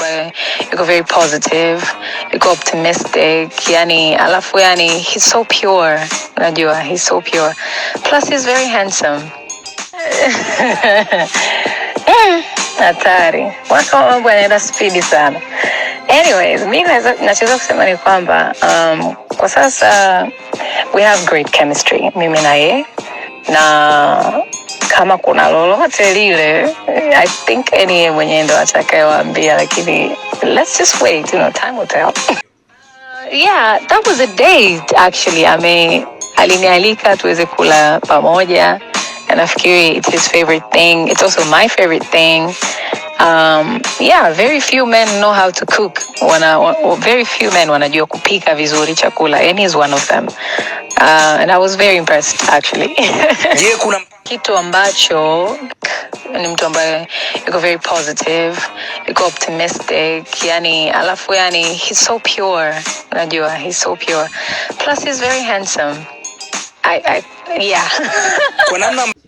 ambayo iko very positive, iko optimistic yani, alafu yani he's so pure, unajua he's so pure, plus he's very handsome hatari mwaka wa mambo yanaenda spidi sana. Anyways, mi nachoweza kusema ni kwamba um, kwa sasa we have great chemistry mimi na ye na kama kuna lolote lile, I think yeye mwenyewe ndo atakayewaambia, lakini let's just wait, you know, time will tell. Uh, yeah, that was a date actually. Ame alinialika tuweze kula pamoja nafikiri it's his favorite thing. It's also my favorite thing. Um, yeah, very few men know how to cook. Wana, very few men wanajua kupika vizuri chakula and he's one of them. Uh, and I was very impressed actually. kitu ambacho ni mtu ambaye yuko very positive, yuko optimistic, yani alafu yani he's so pure, unajua he's so pure. Plus he's very handsome. I, I, yeah.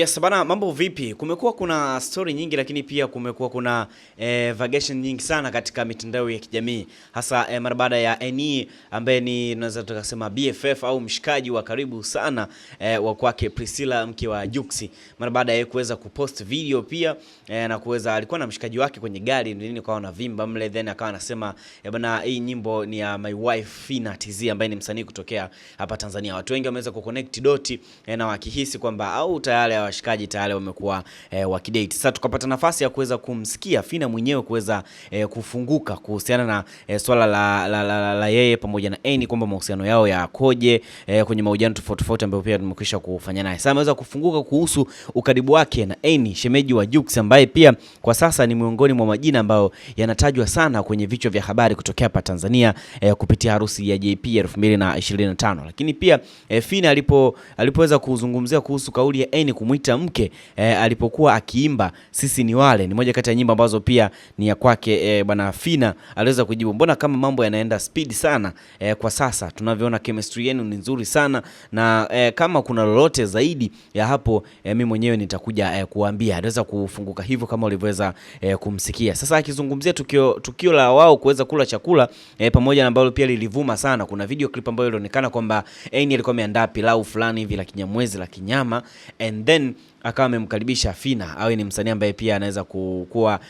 Yes, bana mambo vipi? Kumekuwa kuna story nyingi lakini pia kumekuwa kuna eh, vagation nyingi sana katika mitandao ya kijamii hasa eh, mara baada ya NE ambaye ni naweza tukasema BFF au mshikaji wa karibu sana eh, wa kwake Priscilla mke wa Juksi, mara baada ya kuweza kupost video pia eh, na kuweza alikuwa na mshikaji wake kwenye gari nini kwa na vimba mle, then akawa anasema eh, bana hii nyimbo ni ya my wife Fina TZ ambaye ni msanii kutokea hapa Tanzania. Watu wengi wameweza kuconnect doti eh, na wakihisi kwamba au tayari washikaji tayari wamekuwa e, wakidate. Sasa tukapata nafasi ya kuweza kumsikia Fina mwenyewe kuweza e, kufunguka kuhusiana na e, swala la, la, la, la, la yeye pamoja na Eni kwamba mahusiano yao yakoje e, kwenye mahojiano tofauti tofauti ambayo pia tumekwisha kufanya naye. Sasa ameweza kufunguka kuhusu ukaribu wake na Eni, shemeji wa Jux ambaye pia kwa sasa ni miongoni mwa majina ambayo yanatajwa sana kwenye vichwa vya habari kutokea hapa Tanzania e, kupitia harusi ya JP 2025. Lakini pia e, Fina alipo alipoweza kuzungumzia kuhusu kauli ya Eni kum kumwita mke e, alipokuwa akiimba sisi ni wale, ni moja kati ya nyimbo ambazo pia ni ya kwake e, bwana Fina aliweza kujibu, mbona kama mambo yanaenda speed sana e, kwa sasa tunavyoona chemistry yenu ni nzuri sana na e, kama kuna lolote zaidi ya hapo e, mimi mwenyewe nitakuja e, kuambia. Aliweza kufunguka hivyo kama ulivyoweza e, kumsikia. Sasa akizungumzia tukio, tukio la wao kuweza kula chakula e, pamoja na ambalo pia lilivuma sana, kuna video clip ambayo ilionekana kwamba Aini alikuwa ameandaa pilau fulani hivi la kinyamwezi la kinyama and then then akawa amemkaribisha Fina awe ni msanii ambaye pia anaweza kuwa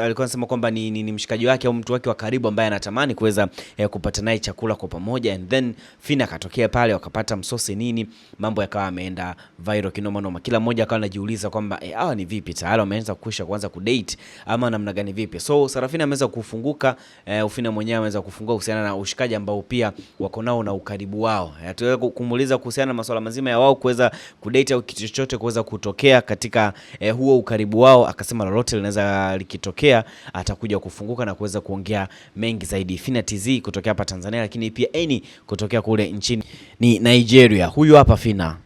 alikuwa anasema kwamba ni, ni, ni mshikaji wake au mtu wake wa karibu ambaye anatamani kuweza eh, kupata naye chakula kwa pamoja, and then Fina akatokea pale, wakapata msosi nini, mambo yakawa ameenda viral kinoma noma, kila mmoja akawa anajiuliza kwamba eh, hawa ni vipi tayari wameanza kuisha kuanza kudate ama namna gani vipi? So Sarafina ameweza kufunguka eh, Ufina mwenyewe ameweza kufungua kuhusiana na ushikaji ambao pia wako nao na ukaribu wao, hatuweza kumuuliza kuhusiana na masuala mazima ya wao kuweza kudate au kitu chochote kuweza kutokea katika eh, huo ukaribu wao, akasema lolote linaweza likitokea atakuja kufunguka na kuweza kuongea mengi zaidi. Fina TZ kutokea hapa Tanzania, lakini pia Eni kutokea kule nchini ni Nigeria. Huyu hapa Fina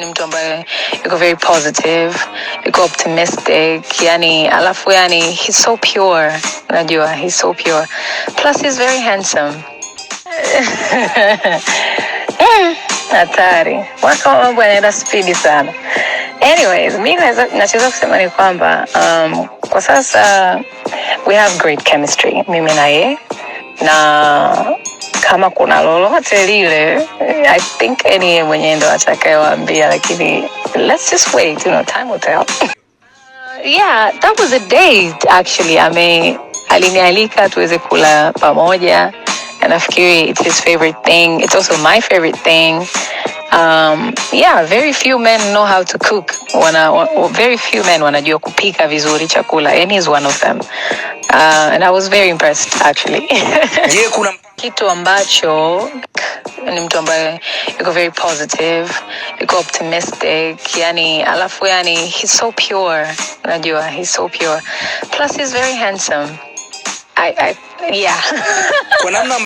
ni mtu ambaye yuko very positive, yuko optimistic, yani alafu yani he's so pure, unajua he's so pure. Plus he's very handsome. Eh hatari. Mwaka wa mambo yanaenda spidi sana. Anyways, mi nachoweza kusema ni kwamba um, kwa sasa we have great chemistry mimi na yeye, na kama kuna lolote lile, I think ni yeye mwenyewe ndo atakayewaambia, lakini let's just wait, you know, time will tell. Uh, yeah, that was a date actually. Ame alinialika tuweze kula pamoja nafikiri it's his favorite thing it's also my favorite thing um, yeah very few men know how to cook wana, very few men wanajua kupika vizuri chakula and he's one of them uh, and i was very impressed actually kitu ambacho ni mtu ambaye yuko very positive yuko optimistic yani alafu yani he's so pure unajua he's so pure plus he's very handsome I, I, yeah